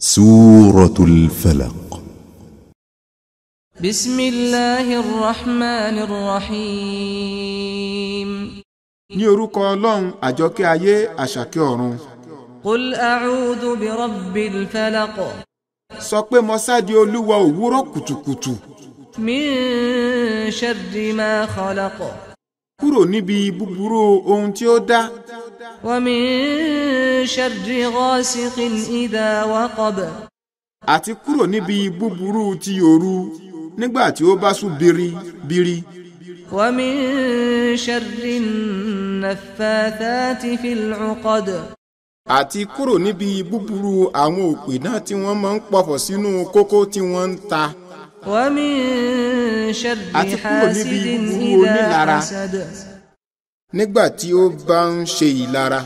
سورة الفلق بسم الله الرحمن الرحيم ní orúkọ ọlọ́run àjọkẹ́ ayé àṣàkẹ́ ọ̀run. قل أعوذ برب الفلق. sọ pé mo sáde olúwa òwúrọ̀ kùtùkùtù. min sharri ma khalaq. kúrò níbi búburú ohun tí ó dá. wa min. شر غاسق إذا وقب àti kúrò níbi búburú ti òru nígbà tí ó bá sùn biri biri. ومن شر النفاثات في العقد àti kúrò níbi búburú àwọn òpè náà tí wọ́n máa ń pọ̀fọ̀ sínú kókó tí wọ́n ń ta. ومن شر حاسد إذا حسد nígbà tí ó bá ń ṣe ìlara.